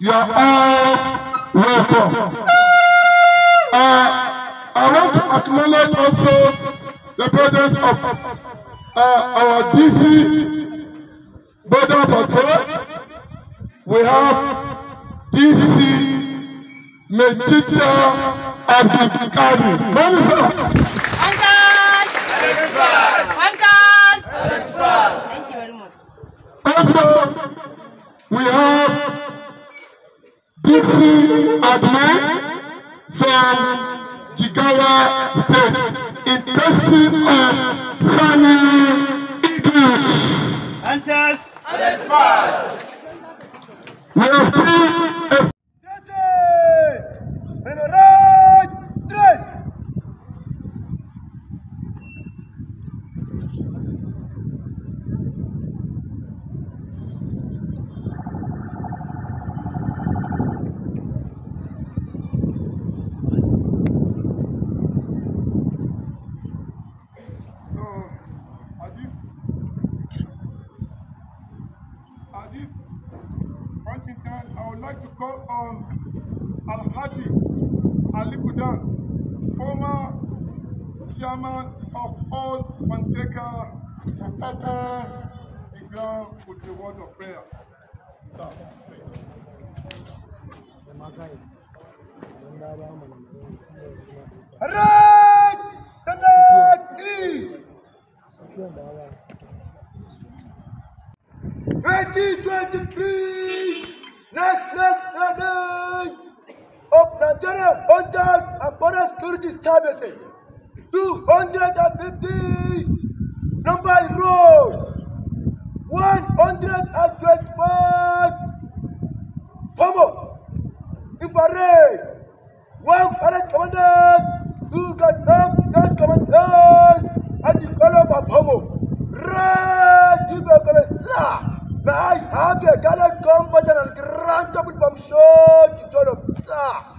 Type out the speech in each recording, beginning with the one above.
You are all welcome. Uh, I want to acknowledge also the presence of uh, our DC border patrol. We have DC Mejita Abdulkari. Manisa. Thank you very much. Also, we have Isi Adman from Jigawa State in person of Sunny Idris. Hunters identified. a word of prayer. Red! The North East! 2023 National Training of Nigeria Hunters and Border Security Services 250 number road one hundred and twenty-one pomo iparade one commanders. Who two confirm ten commanders? and the colour of pomo red ibe kọmẹsà may i have a gallant company and grand champion from show to join up sir.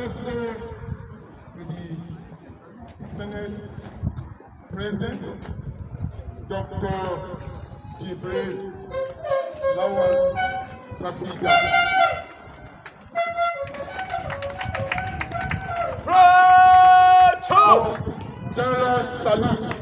Firstly, to the Senate President, Dr. Jibril Lawal Kafiga. General salute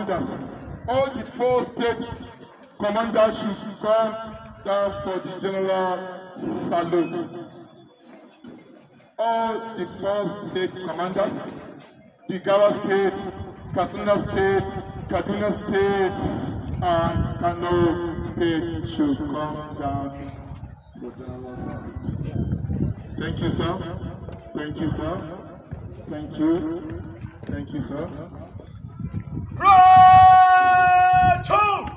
commanders. All the four state commanders should come down for the general salute. All the four state commanders, Gawa State, Katuna State, Kaduna State, and Kano State should come down for general salute. Thank you, sir. Thank you, sir. Thank you. Thank you, sir. 브라총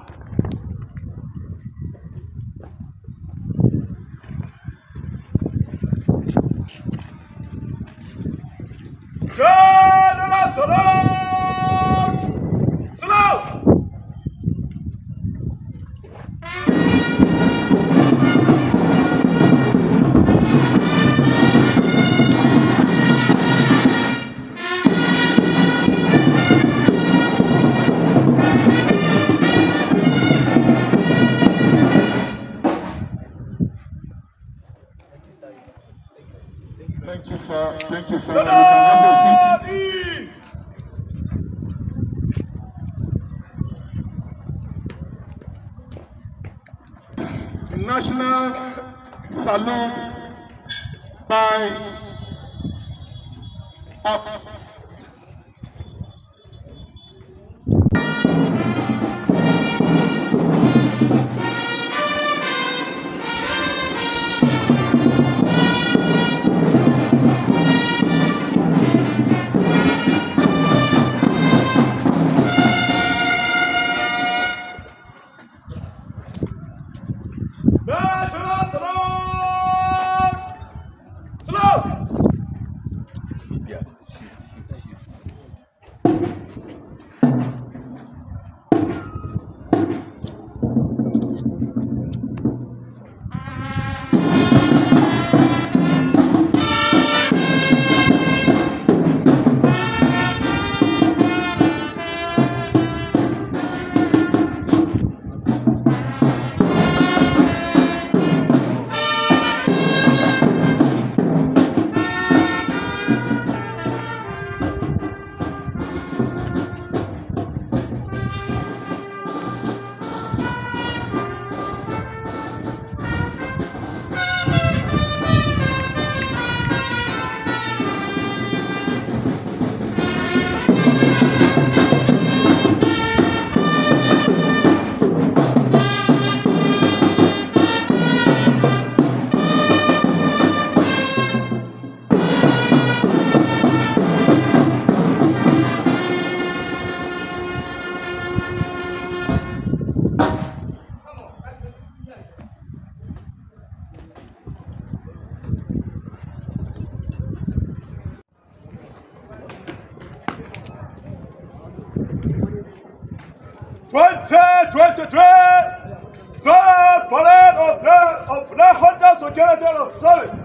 2023 Third Parade of the of National Security of Service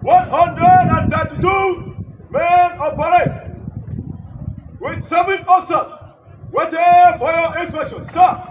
132 men of parade with seven officers waiting for your inspection, sir.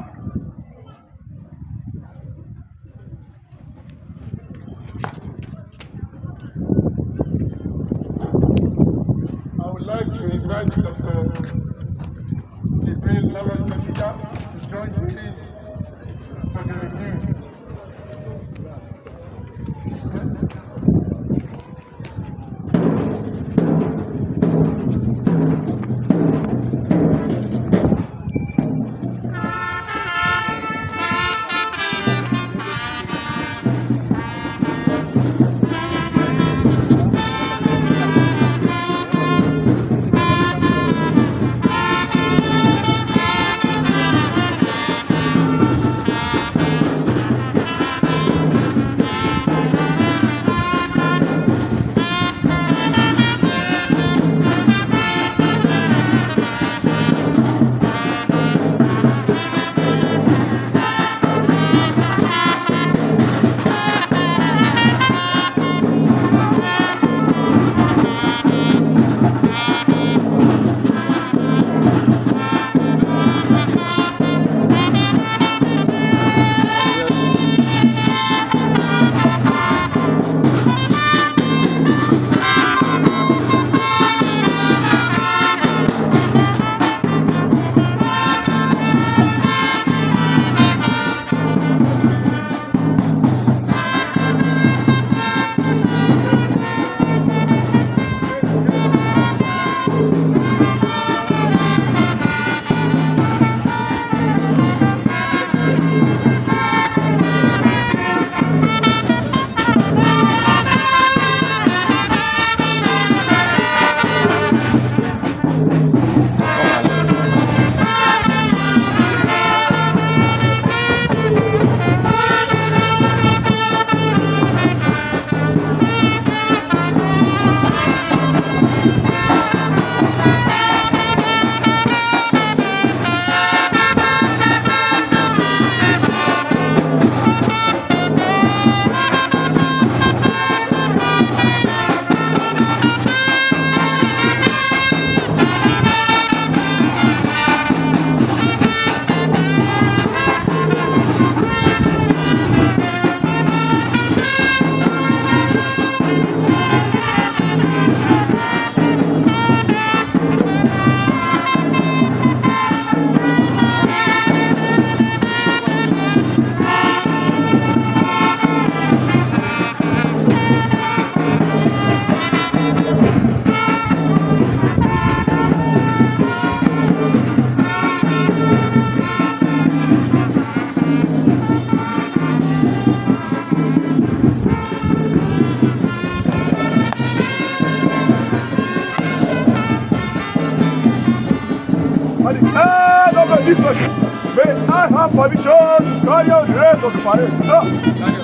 que pareça.